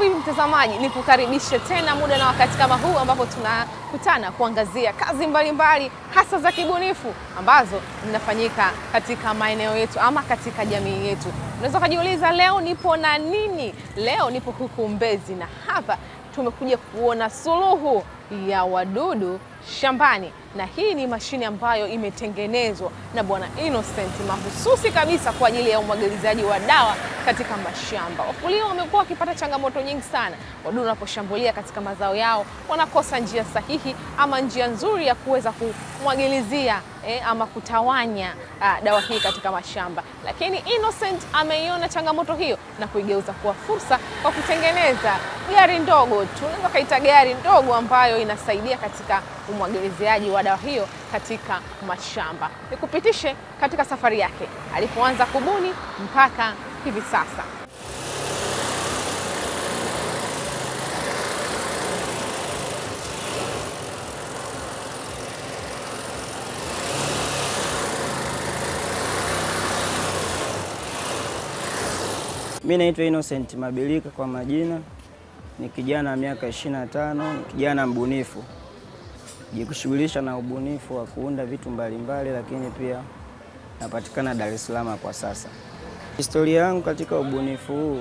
vipi mtazamaji, ni tena muda na wakati kama huu ambapo tunakutana kuangazia kazi mbalimbali mbali, hasa za kibunifu ambazo zinafanyika katika maeneo yetu ama katika jamii yetu. Unaweza ukajiuliza leo nipo na nini? Leo nipo huku Mbezi na hapa tumekuja kuona suluhu ya wadudu shambani, na hii ni mashine ambayo imetengenezwa na Bwana Innocent mahususi kabisa kwa ajili ya umwagilizaji wa dawa katika mashamba. Wakulima wamekuwa wakipata changamoto nyingi sana, wadudu wanaposhambulia katika mazao yao wanakosa njia sahihi ama njia nzuri ya kuweza kumwagilizia eh, ama kutawanya ah, dawa hii katika mashamba, lakini Innocent ameiona changamoto hiyo na kuigeuza kuwa fursa kwa kutengeneza gari ndogo, tunaweza kaita gari ndogo ambayo ambayo inasaidia katika umwagiliziaji wa dawa hiyo katika mashamba. Nikupitishe katika safari yake alipoanza kubuni mpaka hivi sasa. Mimi naitwa Innocent Mabilika kwa majina. Ni kijana wa miaka 25, kijana mbunifu, jikushughulisha na ubunifu wa kuunda vitu mbalimbali mbali, lakini pia napatikana Dar es Salaam kwa sasa. Historia yangu katika ubunifu huu,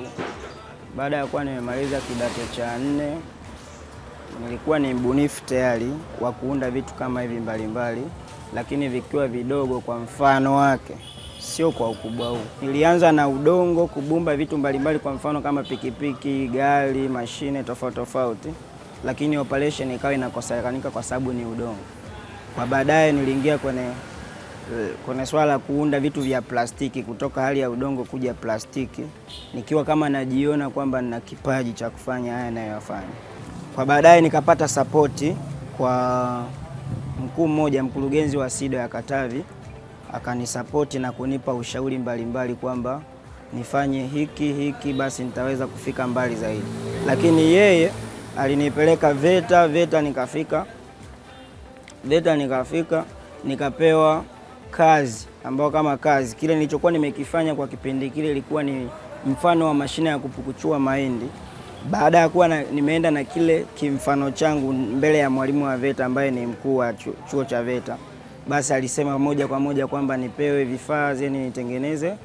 baada ya kuwa nimemaliza kidato cha nne, nilikuwa ni mbunifu tayari wa kuunda vitu kama hivi mbalimbali mbali, lakini vikiwa vidogo. Kwa mfano wake sio kwa ukubwa huu. Nilianza na udongo kubumba vitu mbalimbali, kwa mfano kama pikipiki, gari, mashine tofauti tofauti, lakini operation ikawa inakosekanika kwa sababu ni udongo. Kwa baadaye niliingia kwenye kwenye swala la kuunda vitu vya plastiki kutoka hali ya udongo kuja plastiki, nikiwa kama najiona kwamba nina kipaji cha kufanya haya ninayoyafanya. Kwa baadaye nikapata sapoti kwa mkuu mmoja, mkurugenzi wa SIDA ya Katavi akanisapoti na kunipa ushauri mbalimbali kwamba nifanye hiki hiki, basi nitaweza kufika mbali zaidi. Lakini yeye alinipeleka VETA, VETA nikafika, VETA nikafika, nikapewa kazi ambayo kama kazi kile nilichokuwa nimekifanya kwa kipindi kile ilikuwa ni mfano wa mashine ya kupukuchua mahindi. Baada ya kuwa na, nimeenda na kile kimfano changu mbele ya mwalimu wa VETA ambaye ni mkuu wa chuo cha VETA basi alisema moja kwa moja kwamba nipewe vifaa zeni nitengeneze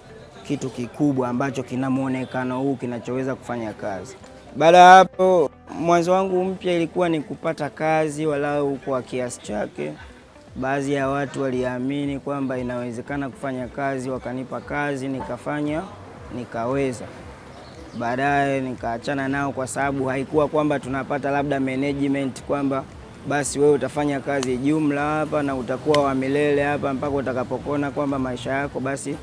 kitu kikubwa ambacho kina muonekano huu kinachoweza kufanya kazi. Baada ya hapo, mwanzo wangu mpya ilikuwa ni kupata kazi walau kwa kiasi chake. Baadhi ya watu waliamini kwamba inawezekana kufanya kazi, wakanipa kazi, nikafanya, nikaweza. Baadaye nikaachana nao, kwa sababu haikuwa kwamba tunapata labda management kwamba basi wewe utafanya kazi jumla hapa na utakuwa wa milele hapa mpaka utakapokona kwamba maisha yako basi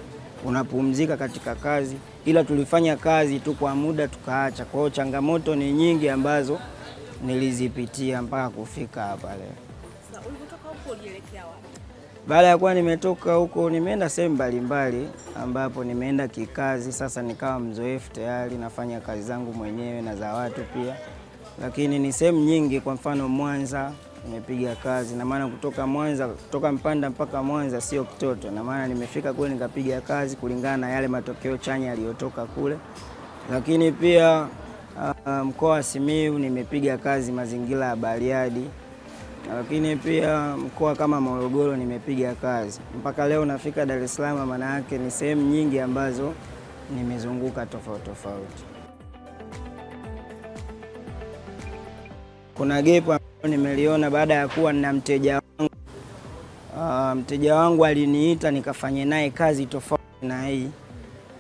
unapumzika katika kazi, ila tulifanya kazi tu kwa muda tukaacha. Kwa hiyo changamoto ni nyingi ambazo nilizipitia mpaka kufika hapa leo. Baada ya kuwa nimetoka huko, nimeenda sehemu mbalimbali ambapo nimeenda kikazi. Sasa nikawa mzoefu tayari, nafanya kazi zangu mwenyewe na za watu pia lakini ni sehemu nyingi. Kwa mfano Mwanza nimepiga kazi, na maana kutoka Mwanza, kutoka Mpanda mpaka Mwanza sio kitoto, na maana nimefika kule nikapiga kazi kulingana na yale matokeo chanya yaliyotoka kule. Lakini pia ah, mkoa wa Simiyu nimepiga kazi mazingira ya Bariadi, lakini pia mkoa kama Morogoro nimepiga kazi mpaka leo nafika Dar es Salaam. Maana yake ni sehemu nyingi ambazo nimezunguka tofauti tofauti. kuna gepu ambayo nimeliona baada ya kuwa na mteja wangu uh, mteja wangu aliniita nikafanye naye kazi tofauti na hii,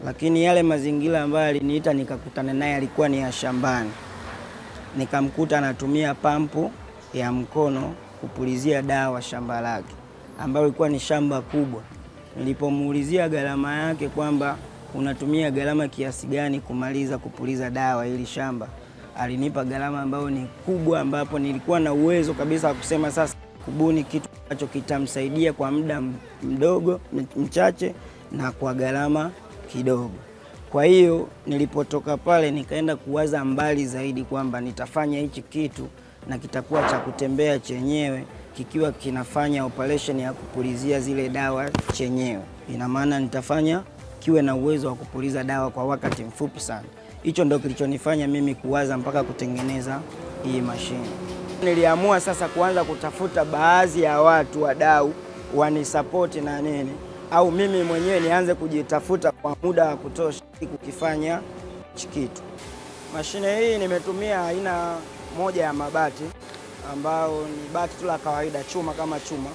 lakini yale mazingira ambayo aliniita nikakutana naye alikuwa ni ya shambani, nikamkuta anatumia pampu ya mkono kupulizia dawa shamba lake ambayo ilikuwa ni shamba kubwa. Nilipomuulizia gharama yake kwamba unatumia gharama kiasi gani kumaliza kupuliza dawa hili shamba alinipa gharama ambayo ni kubwa, ambapo nilikuwa na uwezo kabisa wa kusema sasa kubuni kitu ambacho kitamsaidia kwa muda mdogo mchache na kwa gharama kidogo. Kwa hiyo nilipotoka pale nikaenda kuwaza mbali zaidi kwamba nitafanya hichi kitu na kitakuwa cha kutembea chenyewe kikiwa kinafanya operation ya kupulizia zile dawa chenyewe. Ina maana nitafanya kiwe na uwezo wa kupuliza dawa kwa wakati mfupi sana. Hicho ndo kilichonifanya mimi kuwaza mpaka kutengeneza hii mashine. Niliamua sasa kuanza kutafuta baadhi ya watu wadau wanisapoti na nini au mimi mwenyewe nianze kujitafuta kwa muda wa kutosha kukifanya hichi kitu. Mashine hii nimetumia aina moja ya mabati ambayo ni bati tu la kawaida, chuma kama chuma,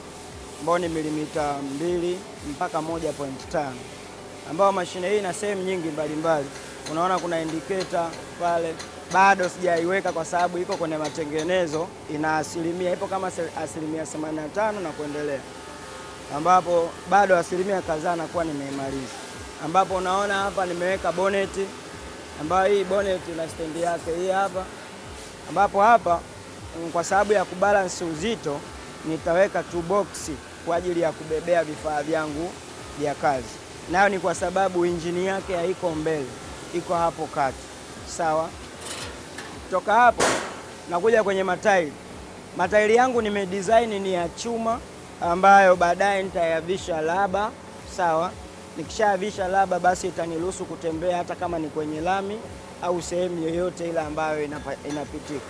ambayo ni milimita mbili mpaka 1.5 point ambayo mashine hii ina sehemu nyingi mbalimbali mbali unaona kuna indicator pale bado sijaiweka kwa sababu iko kwenye matengenezo, ina asilimia ipo kama asilimia 85 na kuendelea, ambapo bado asilimia kadhaa nakuwa nimeimaliza, ambapo unaona hapa nimeweka boneti, ambayo hii boneti na stendi yake hii hapa, ambapo hapa mm, kwa sababu ya kubalansi uzito nitaweka two box kwa ajili ya kubebea vifaa vyangu vya kazi, nayo ni kwa sababu injini yake haiko mbele iko hapo kati, sawa. toka hapo nakuja kwenye matairi. Matairi yangu nimedesign ni ya chuma ambayo baadaye nitayavisha laba, sawa. Nikishayavisha laba, basi itaniruhusu kutembea hata kama ni kwenye lami au sehemu yoyote ile ambayo inapitika.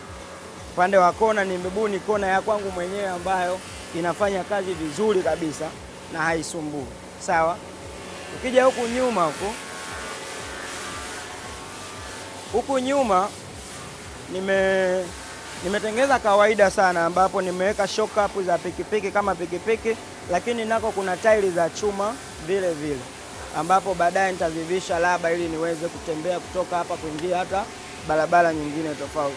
Upande wa kona, nimebuni kona ya kwangu mwenyewe ambayo inafanya kazi vizuri kabisa na haisumbui, sawa. Ukija huku nyuma huku Huku nyuma nime nimetengeza kawaida sana, ambapo nimeweka shock up za pikipiki kama pikipiki, lakini nako kuna tairi za chuma vile vile, ambapo baadaye nitavivisha laba ili niweze kutembea kutoka hapa kuingia hata barabara nyingine tofauti,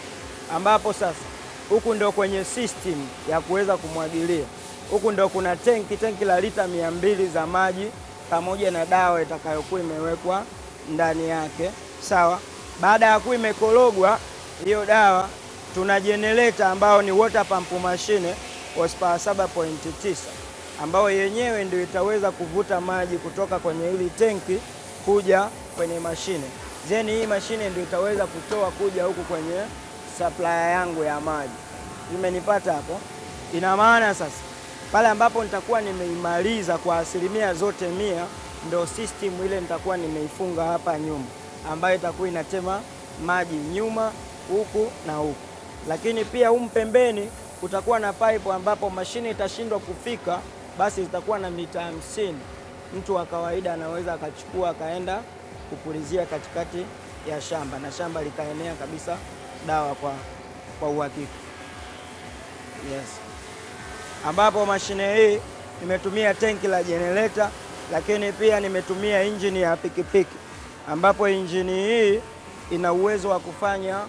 ambapo sasa huku ndo kwenye system ya kuweza kumwagilia. Huku ndo kuna tenki tenki la lita mia mbili za maji pamoja na dawa itakayokuwa imewekwa ndani yake, sawa. Baada ya kuwa imekorogwa hiyo dawa, tuna jenereta ambayo ni water pump mashine horsepower 7.9 ambayo yenyewe ndio itaweza kuvuta maji kutoka kwenye hili tenki kuja kwenye mashine. Then hii mashine ndio itaweza kutoa kuja huku kwenye supplier yangu ya maji. Imenipata hapo? Ina maana sasa pale ambapo nitakuwa nimeimaliza kwa asilimia zote mia, ndo system ile nitakuwa nimeifunga hapa nyuma ambayo itakuwa inatema maji nyuma huku na huku, lakini pia humu pembeni kutakuwa na pipe ambapo mashine itashindwa kufika, basi zitakuwa na mita hamsini. Mtu wa kawaida anaweza akachukua akaenda kupulizia katikati ya shamba na shamba likaenea kabisa dawa kwa, kwa uhakika yes, ambapo mashine hii nimetumia tenki la jenereta, lakini pia nimetumia injini ya pikipiki ambapo injini hii ina uwezo wa kufanya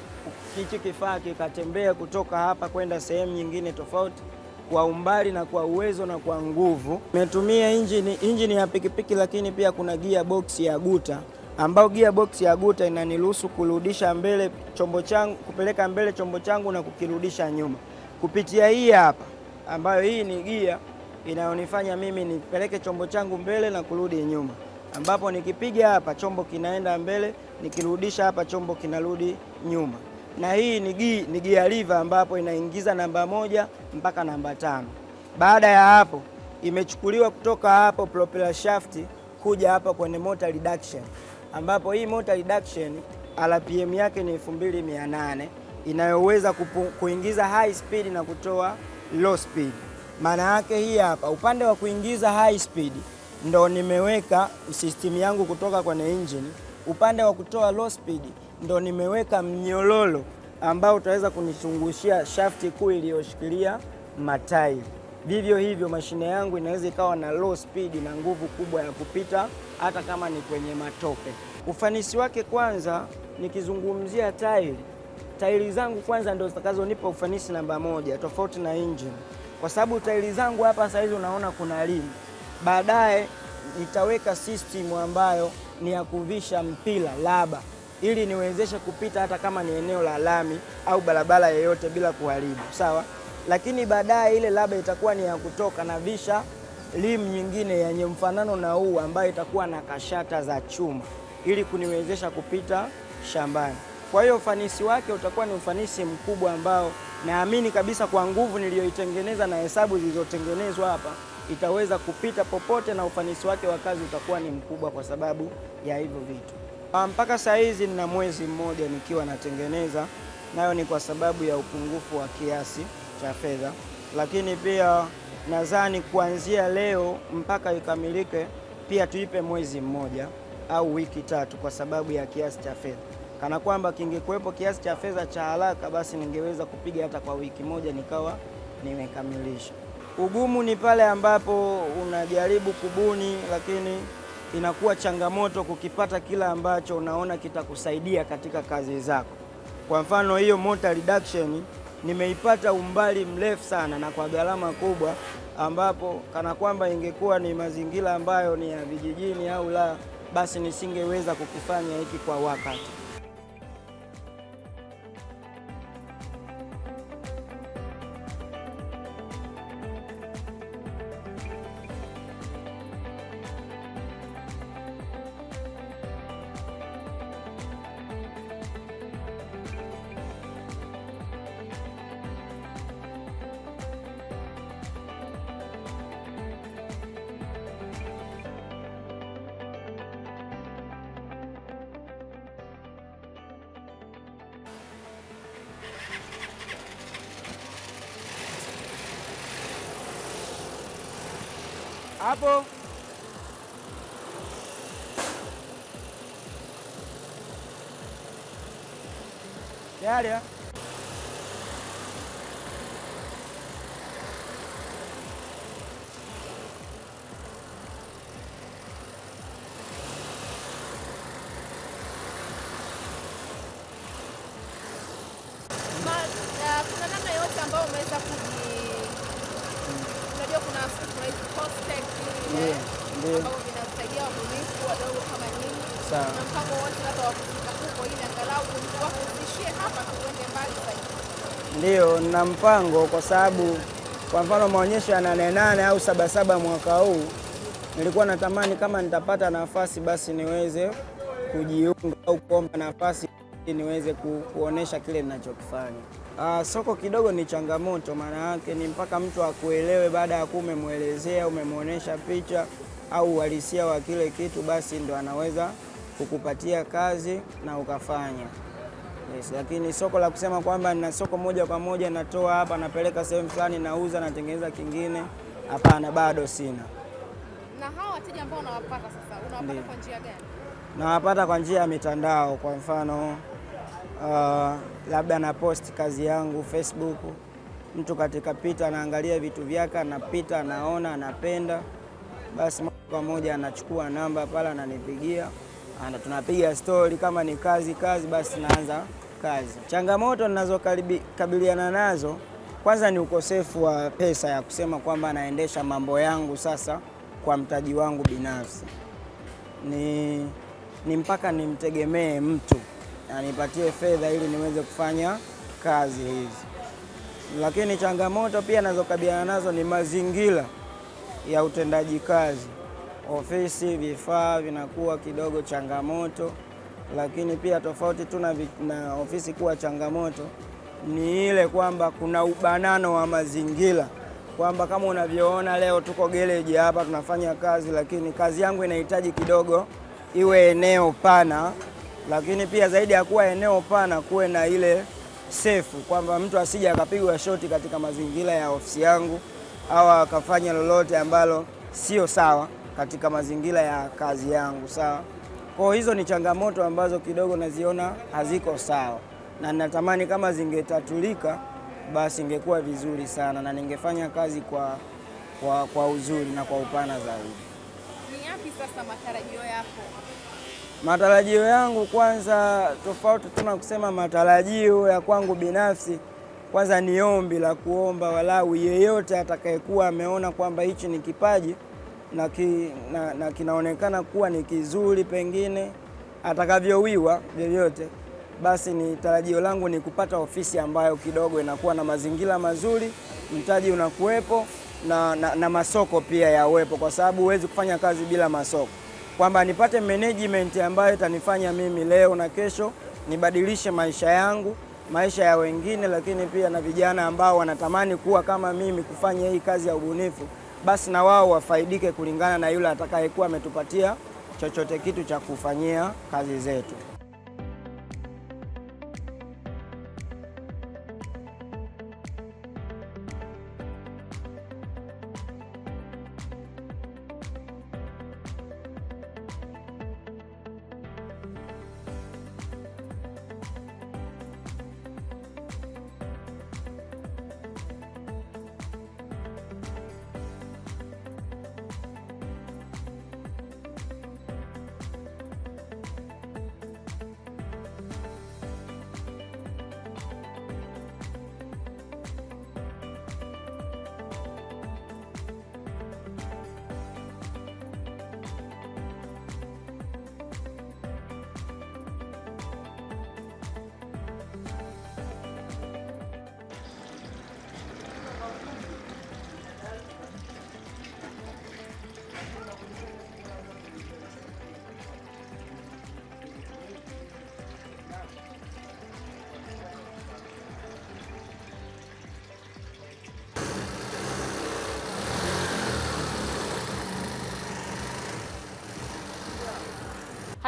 hichi kifaa kikatembea kutoka hapa kwenda sehemu nyingine tofauti kwa umbali na kwa uwezo na kwa nguvu. Imetumia injini, injini ya pikipiki, lakini pia kuna gia box ya guta, ambayo gia box ya guta inaniruhusu kurudisha mbele chombo changu, kupeleka mbele chombo changu na kukirudisha nyuma kupitia hii hapa, ambayo hii ni gia inayonifanya mimi nipeleke chombo changu mbele na kurudi nyuma ambapo nikipiga hapa chombo kinaenda mbele, nikirudisha hapa chombo kinarudi nyuma. Na hii ni gi, ni gia liva ambapo inaingiza namba moja mpaka namba tano. Baada ya hapo imechukuliwa kutoka hapo propeller shaft kuja hapa kwenye motor reduction, ambapo hii motor reduction RPM yake ni 2800 inayoweza kupu, kuingiza high speed na kutoa low speed. Maana yake hii hapa upande wa kuingiza high speed ndo nimeweka system yangu kutoka kwenye engine. Upande wa kutoa low speed ndo nimeweka mnyololo ambao utaweza kunizungushia shafti kuu iliyoshikilia matairi. Vivyo hivyo mashine yangu inaweza ikawa na low speed na nguvu kubwa ya kupita hata kama ni kwenye matope. Ufanisi wake kwanza, nikizungumzia tairi, tairi zangu kwanza ndio zitakazonipa ufanisi namba moja, tofauti na engine, kwa sababu tairi zangu hapa saizi unaona kuna rimu Baadaye nitaweka system ambayo ni ya kuvisha mpira laba ili niwezeshe kupita hata kama ni eneo la lami au barabara yoyote bila kuharibu, sawa. Lakini baadaye ile laba itakuwa ni ya kutoka na visha limu nyingine yenye mfanano na huu ambayo itakuwa na kashata za chuma ili kuniwezesha kupita shambani. Kwa hiyo ufanisi wake utakuwa ni ufanisi mkubwa ambao naamini kabisa kwa nguvu niliyoitengeneza na hesabu zilizotengenezwa hapa itaweza kupita popote na ufanisi wake wa kazi utakuwa ni mkubwa kwa sababu ya hivyo vitu. Ah, mpaka saa hizi nina mwezi mmoja nikiwa natengeneza, nayo ni kwa sababu ya upungufu wa kiasi cha fedha, lakini pia nadhani kuanzia leo mpaka ikamilike pia tuipe mwezi mmoja au wiki tatu kwa sababu ya kiasi cha fedha. Kana kwamba kingekuwepo kiasi cha fedha cha haraka, basi ningeweza kupiga hata kwa wiki moja nikawa nimekamilisha. Ugumu ni pale ambapo unajaribu kubuni, lakini inakuwa changamoto kukipata kila ambacho unaona kitakusaidia katika kazi zako. Kwa mfano hiyo mortar reduction nimeipata umbali mrefu sana na kwa gharama kubwa, ambapo kana kwamba ingekuwa ni mazingira ambayo ni ya vijijini au la, basi nisingeweza kukifanya hiki kwa wakati. Daddy. mpango, kwa sababu kwa mfano maonyesho ya nane nane au sabasaba mwaka huu nilikuwa natamani kama nitapata nafasi basi niweze kujiunga au kuomba nafasi ili niweze ku, kuonesha kile ninachokifanya. Uh, soko kidogo ni changamoto, maana yake ni mpaka mtu akuelewe. Baada ya kuwa umemwelezea umemwonyesha picha au uhalisia wa kile kitu, basi ndo anaweza kukupatia kazi na ukafanya. Yes, lakini soko la kusema kwamba nina soko moja kwa moja natoa hapa napeleka sehemu fulani nauza natengeneza kingine, hapana, bado sina. Na hao wateja ambao unawapata sasa, unawapata kwa njia gani? Nawapata kwa njia ya mitandao, kwa mfano uh, labda na post kazi yangu Facebook, mtu katika pita anaangalia vitu vyake, anapita anaona, anapenda, basi moja kwa moja anachukua namba pale ananipigia ana tunapiga stori, kama ni kazi kazi, basi tunaanza kazi. Changamoto ninazokabiliana nazo kwanza ni ukosefu wa pesa ya kusema kwamba naendesha mambo yangu sasa kwa mtaji wangu binafsi, ni, ni mpaka nimtegemee mtu anipatie fedha ili niweze kufanya kazi hizi. Lakini changamoto pia nazokabiliana nazo ni mazingira ya utendaji kazi ofisi vifaa vinakuwa kidogo changamoto, lakini pia tofauti tu na ofisi kuwa changamoto ni ile kwamba kuna ubanano wa mazingira, kwamba kama unavyoona leo tuko gereji hapa tunafanya kazi, lakini kazi yangu inahitaji kidogo iwe eneo pana, lakini pia zaidi ya kuwa eneo pana kuwe na ile sefu, kwamba mtu asije akapigwa shoti katika mazingira ya ofisi yangu au akafanya lolote ambalo sio sawa katika mazingira ya kazi yangu, sawa. Kwa hizo ni changamoto ambazo kidogo naziona haziko sawa, na natamani kama zingetatulika basi ingekuwa vizuri sana na ningefanya kazi kwa, kwa, kwa uzuri na kwa upana zaidi. Ni yapi sasa matarajio yako? Matarajio yangu kwanza, tofauti tuna kusema matarajio ya kwangu binafsi kwanza ni ombi la kuomba walau yeyote atakayekuwa ameona kwamba hichi ni kipaji na, ki, na, na kinaonekana kuwa ni kizuri, pengine atakavyowiwa vyovyote, basi ni tarajio langu ni kupata ofisi ambayo kidogo inakuwa na mazingira mazuri, mtaji unakuwepo na, na, na masoko pia yawepo, kwa sababu huwezi kufanya kazi bila masoko, kwamba nipate management ambayo itanifanya mimi leo na kesho nibadilishe maisha yangu maisha ya wengine, lakini pia na vijana ambao wanatamani kuwa kama mimi, kufanya hii kazi ya ubunifu basi na wao wafaidike kulingana na yule atakayekuwa ametupatia chochote kitu cha kufanyia kazi zetu.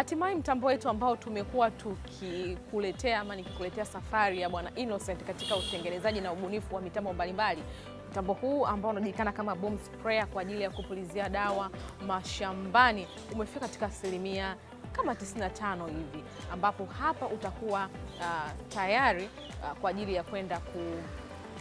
Hatimaye mtambo wetu ambao tumekuwa tukikuletea ama nikikuletea safari ya Bwana Innocent katika utengenezaji na ubunifu wa mitambo mbalimbali. Mtambo huu ambao unajulikana kama boom sprayer kwa ajili ya kupulizia dawa mashambani umefika katika asilimia kama 95 hivi, ambapo hapa utakuwa uh, tayari uh, kwa ajili ya kwenda ku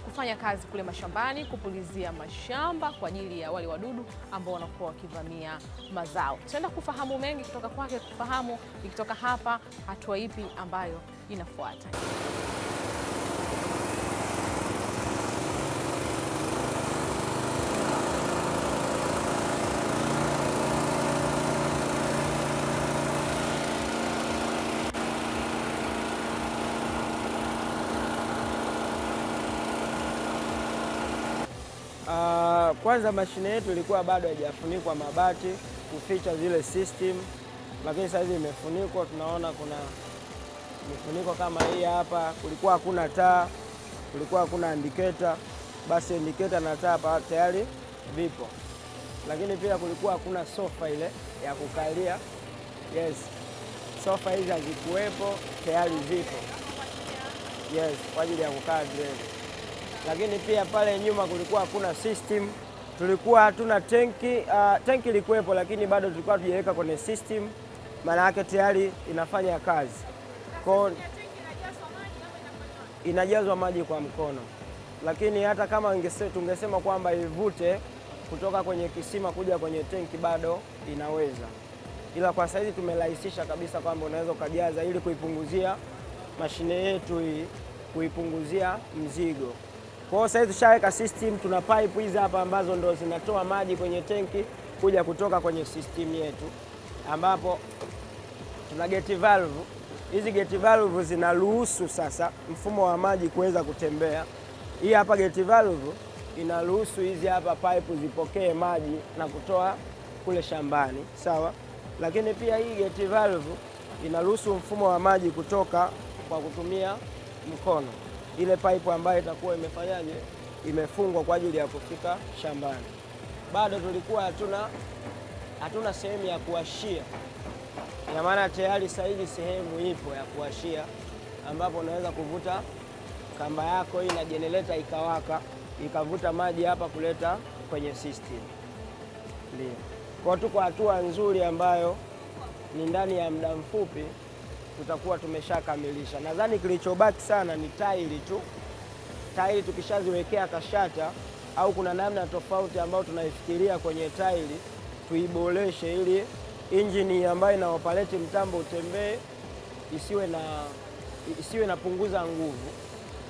kufanya kazi kule mashambani, kupulizia mashamba kwa ajili ya wale wadudu ambao wanakuwa wakivamia mazao. Tutaenda kufahamu mengi kutoka kwake, kufahamu ikitoka hapa hatua ipi ambayo inafuata. Kwanza mashine yetu ilikuwa bado haijafunikwa mabati kuficha zile system, lakini sasa hivi imefunikwa. Tunaona kuna mifuniko kama hii hapa. Kulikuwa hakuna taa, kulikuwa hakuna indicator, basi indicator na taa hapa tayari vipo, lakini pia kulikuwa hakuna sofa ile ya kukalia. Yes, sofa hizi hazikuwepo, tayari zipo. Yes, kwa ajili ya kukaa dereva. Lakini pia pale nyuma kulikuwa hakuna system tulikuwa hatuna tenki. Uh, tenki ilikuwepo lakini bado tulikuwa hatujaweka kwenye system, maana yake tayari inafanya kazi kwa inajazwa maji kwa mkono, lakini hata kama tungesema kwamba ivute kutoka kwenye kisima kuja kwenye tenki bado inaweza, ila kwa saizi tumerahisisha kabisa kwamba unaweza ukajaza, ili kuipunguzia mashine yetu hii kuipunguzia mzigo. Kwa hiyo sasa tushaweka system, tuna pipe hizi hapa ambazo ndo zinatoa maji kwenye tenki kuja kutoka kwenye system yetu, ambapo tuna gate valve. Hizi gate valve zinaruhusu sasa mfumo wa maji kuweza kutembea. Hii hapa gate valve inaruhusu hizi hapa pipe zipokee maji na kutoa kule shambani, sawa. Lakini pia hii gate valve inaruhusu mfumo wa maji kutoka kwa kutumia mkono ile pipe ambayo itakuwa imefanyaje, imefungwa kwa ajili ya kufika shambani. Bado tulikuwa hatuna hatuna sehemu ya kuashia, ina maana tayari sasa hivi sehemu ipo ya kuashia, ambapo unaweza kuvuta kamba yako hii na jenereta ikawaka ikavuta maji hapa kuleta kwenye system. Ndio kwa tuko hatua nzuri ambayo ni ndani ya muda mfupi tutakuwa tumeshakamilisha. Nadhani kilichobaki sana ni tairi tu. Tairi tukishaziwekea kashata au kuna namna tofauti ambayo tunaifikiria kwenye tairi tuiboreshe, ili injini ambayo inaopaleti mtambo utembee isiwe na isiwe napunguza nguvu,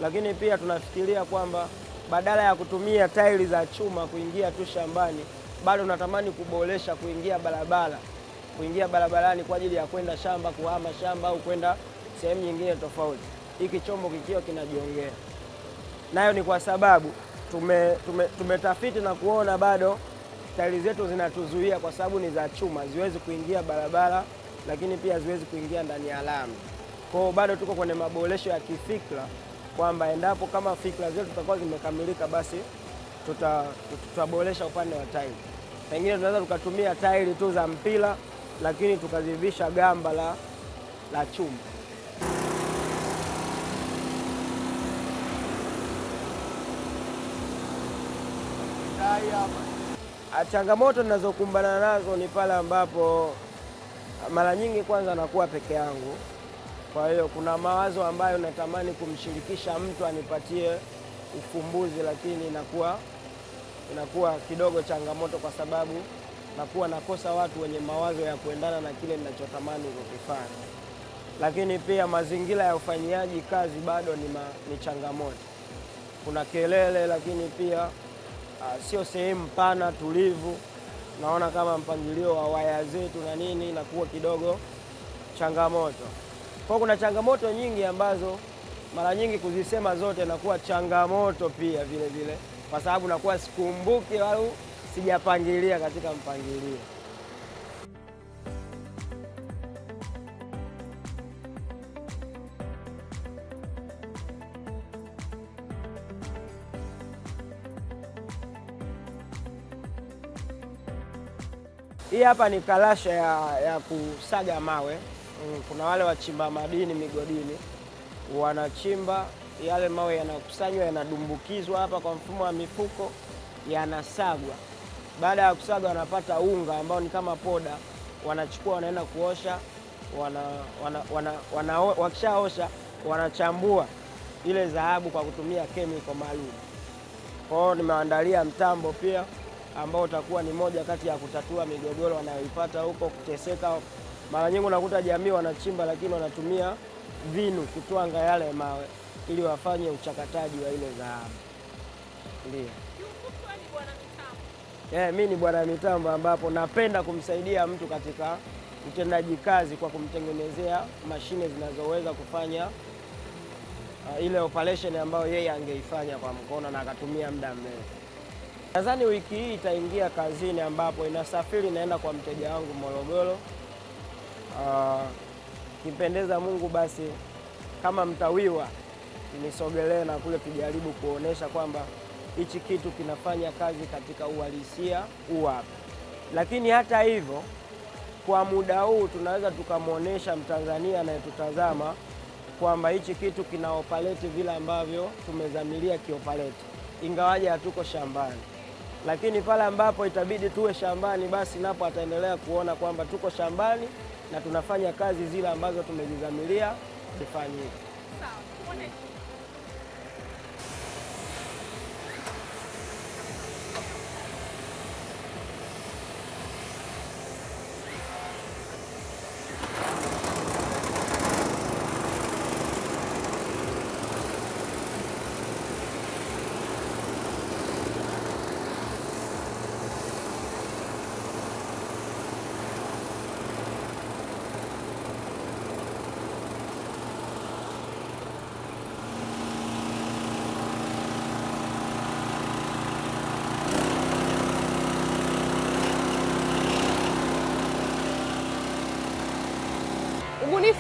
lakini pia tunafikiria kwamba badala ya kutumia tairi za chuma kuingia tu shambani, bado natamani kuboresha kuingia barabara kuingia barabarani kwa ajili ya kwenda shamba, kuhama shamba au kwenda sehemu nyingine tofauti, hiki chombo kikiwa kinajiongea. Nayo ni kwa sababu tumetafiti tume, tume na kuona bado tairi zetu zinatuzuia kwa sababu ni za chuma, ziwezi kuingia barabara, lakini pia ziwezi kuingia ndani ya lami. Kwa hiyo bado tuko kwenye maboresho ya kifikra kwamba endapo kama fikra zetu tutakuwa zimekamilika, basi tutaboresha tuta upande wa tairi. Pengine tunaweza tukatumia tairi tu za mpira lakini tukazivisha gamba la, la chuma. Ah, changamoto ninazokumbana nazo ni pale ambapo mara nyingi kwanza nakuwa peke yangu, kwa hiyo kuna mawazo ambayo natamani kumshirikisha mtu anipatie ufumbuzi, lakini inakuwa inakuwa kidogo changamoto kwa sababu na kuwa nakosa watu wenye mawazo ya kuendana na kile ninachotamani kukifanya. Lakini pia mazingira ya ufanyiaji kazi bado ni, ma, ni changamoto. Kuna kelele, lakini pia uh, sio sehemu pana tulivu. Naona kama mpangilio wa waya zetu na nini inakuwa kidogo changamoto. Kwa kuna changamoto nyingi ambazo mara nyingi kuzisema zote nakuwa changamoto pia vile vile, kwa sababu nakuwa sikumbuke au sijapangilia katika mpangilio. Hii hapa ni kalasha ya, ya kusaga mawe. Mm, kuna wale wachimba madini migodini wanachimba yale mawe, yanakusanywa yanadumbukizwa hapa kwa mfumo wa mifuko, yanasagwa. Baada ya kusaga, wanapata unga ambao ni kama poda, wanachukua wanaenda kuosha wana, wana, wana, wana, wakishaosha wanachambua ile dhahabu kwa kutumia kemiko maalum. Kwa hiyo nimeandalia mtambo pia ambao utakuwa ni moja kati ya kutatua migogoro wanayoipata huko, kuteseka. Mara nyingi unakuta jamii wanachimba, lakini wanatumia vinu kutwanga yale mawe ili wafanye uchakataji wa ile dhahabu, ndio. Eh, mi ni bwana mitambo ambapo napenda kumsaidia mtu katika utendaji kazi kwa kumtengenezea mashine zinazoweza kufanya uh, ile operation ambayo yeye angeifanya kwa mkono na akatumia muda mrefu. Nadhani wiki hii itaingia kazini ambapo inasafiri naenda kwa mteja wangu Morogoro. Uh, kipendeza Mungu basi kama mtawiwa nisogelee na kule kujaribu kuonesha kwamba hichi kitu kinafanya kazi katika uhalisia uwapi. Lakini hata hivyo, kwa muda huu tunaweza tukamwonyesha mtanzania anayetutazama kwamba hichi kitu kina opaleti vile ambavyo tumezamilia kiopaleti, ingawaje hatuko shambani. Lakini pale ambapo itabidi tuwe shambani, basi napo ataendelea kuona kwamba tuko shambani na tunafanya kazi zile ambazo tumezizamilia zifanyike.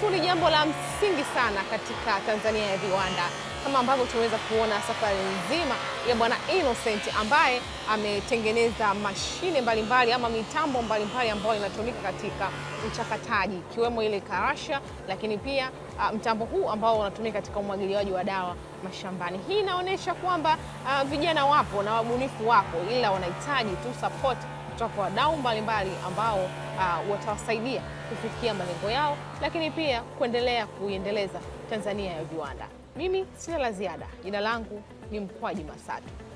Ubunifu ni jambo la msingi sana katika Tanzania ya viwanda, kama ambavyo tunaweza kuona safari nzima ya Bwana Innocent ambaye ametengeneza mashine mbalimbali ama mitambo mbalimbali ambayo inatumika katika uchakataji ikiwemo ile karasha, lakini pia uh, mtambo huu ambao unatumika katika umwagiliaji wa dawa mashambani. Hii inaonyesha kwamba uh, vijana wapo na wabunifu wapo, ila wanahitaji tu support kutoka kwa wadau mbalimbali ambao uh, watawasaidia kufikia malengo yao, lakini pia kuendelea kuiendeleza Tanzania ya viwanda. Mimi sina la ziada. Jina langu ni Mkwaji Masatu.